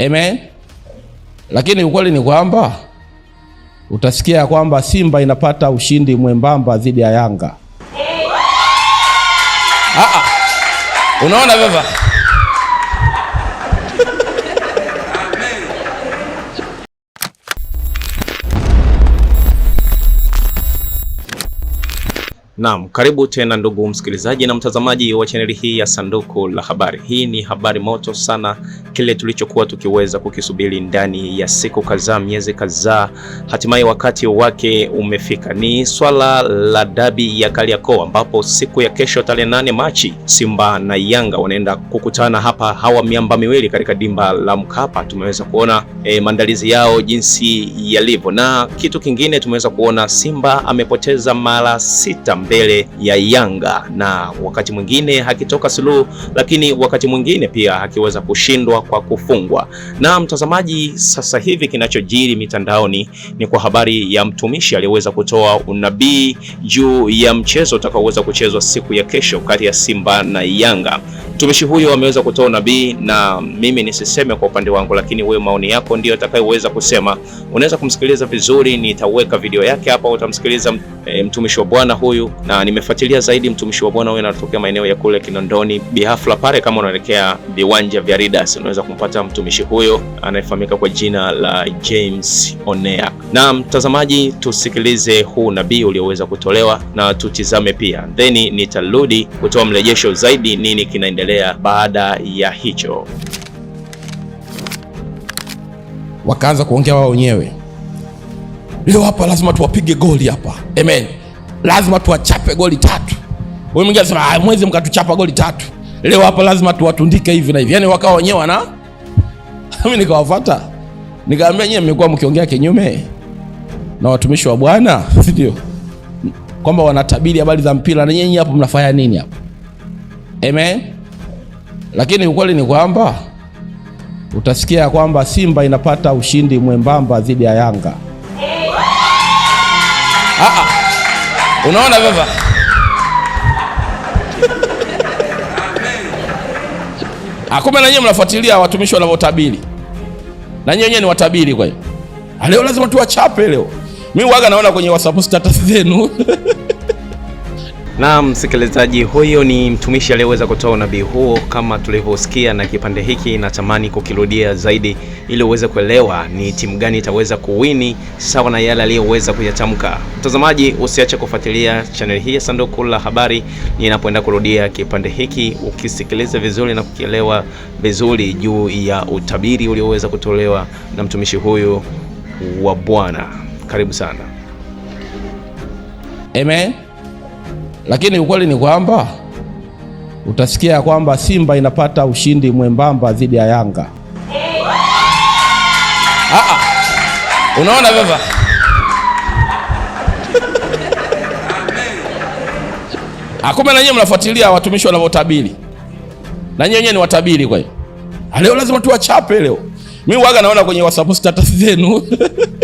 Amen. Lakini ukweli ni kwamba utasikia kwamba Simba inapata ushindi mwembamba dhidi ya Yanga. Ah, ah. Unaona baba? Naam, karibu tena ndugu msikilizaji na mtazamaji wa chaneli hii ya Sanduku la Habari. Hii ni habari moto sana, kile tulichokuwa tukiweza kukisubiri ndani ya siku kadhaa, miezi kadhaa, hatimaye wakati wake umefika. Ni swala la dabi ya Kariakoo, ambapo siku ya kesho tarehe nane Machi, Simba na Yanga wanaenda kukutana hapa, hawa miamba miwili katika dimba la Mkapa. Tumeweza kuona e, maandalizi yao jinsi yalivyo, na kitu kingine tumeweza kuona Simba amepoteza mara sita mbele ya Yanga, na wakati mwingine hakitoka suluhu, lakini wakati mwingine pia hakiweza kushindwa kwa kufungwa. Na mtazamaji, sasa hivi kinachojiri mitandaoni ni kwa habari ya mtumishi aliyeweza kutoa unabii juu ya mchezo utakaoweza kuchezwa siku ya kesho kati ya Simba na Yanga. Mtumishi huyo ameweza kutoa unabii na mimi nisiseme kwa upande wangu, lakini wewe maoni yako ndio atakayeweza kusema. Unaweza kumsikiliza vizuri, nitaweka video yake hapa, utamsikiliza eh, mtumishi wa Bwana huyu, na nimefuatilia zaidi mtumishi wa Bwana huyu, anatokea maeneo ya kule Kinondoni Bihafla pale, kama unaelekea viwanja vya Ridas unaweza kumpata mtumishi huyo anayefahamika kwa jina la James Onea. Na mtazamaji, tusikilize huu nabii ulioweza kutolewa na tutizame pia, then nitarudi kutoa mrejesho zaidi, nini kinaendelea baada ya hicho. Wakaanza kuongea wao wenyewe, leo hapa lazima tuwapige goli hapa, amen, lazima tuwachape goli tatu. Huyu mwingine anasema ah, mwezi mkatuchapa goli tatu leo hapa, lazima tuwatundike hivi na hivi, yani wakawa wenyewe wana mimi nikawafuata nikaambia, nyie mmekuwa mkiongea kinyume na watumishi wa Bwana, si ndio? Kwamba wanatabiri habari za mpira na nyinyi hapo mnafanya nini hapo? Amen. Lakini ukweli ni kwamba utasikia kwamba Simba inapata ushindi mwembamba dhidi ya Yanga. Aa, ah, ah. unaona baba akume ah, na nyinyi mnafuatilia watumishi wanavyotabiri, na nyinyi wenyewe ni watabiri. Kwa hiyo leo lazima tuwachape leo mi waga naona kwenye WhatsApp status zenu. Na msikilizaji huyo ni mtumishi aliyeweza kutoa unabii huo kama tulivyosikia, na kipande hiki natamani kukirudia zaidi ili uweze kuelewa ni timu gani itaweza kuwini sawa na yale aliyoweza kuyatamka. Mtazamaji, usiache kufuatilia chaneli hii ya Sanduku la Habari ninapoenda kurudia kipande hiki, ukisikiliza vizuri na kukielewa vizuri juu ya utabiri ulioweza kutolewa na mtumishi huyu wa Bwana. Karibu sana. Amen. Lakini ukweli ni kwamba utasikia kwamba Simba inapata ushindi mwembamba dhidi ya Yanga. Aa, ah, ah. unaona baba Akumbe ah, na nyinyi mnafuatilia watumishi wanavyotabiri, na nyinyi wenyewe ni watabiri. Kwa hiyo leo lazima tuwachape leo. Mimi waga naona kwenye WhatsApp status zenu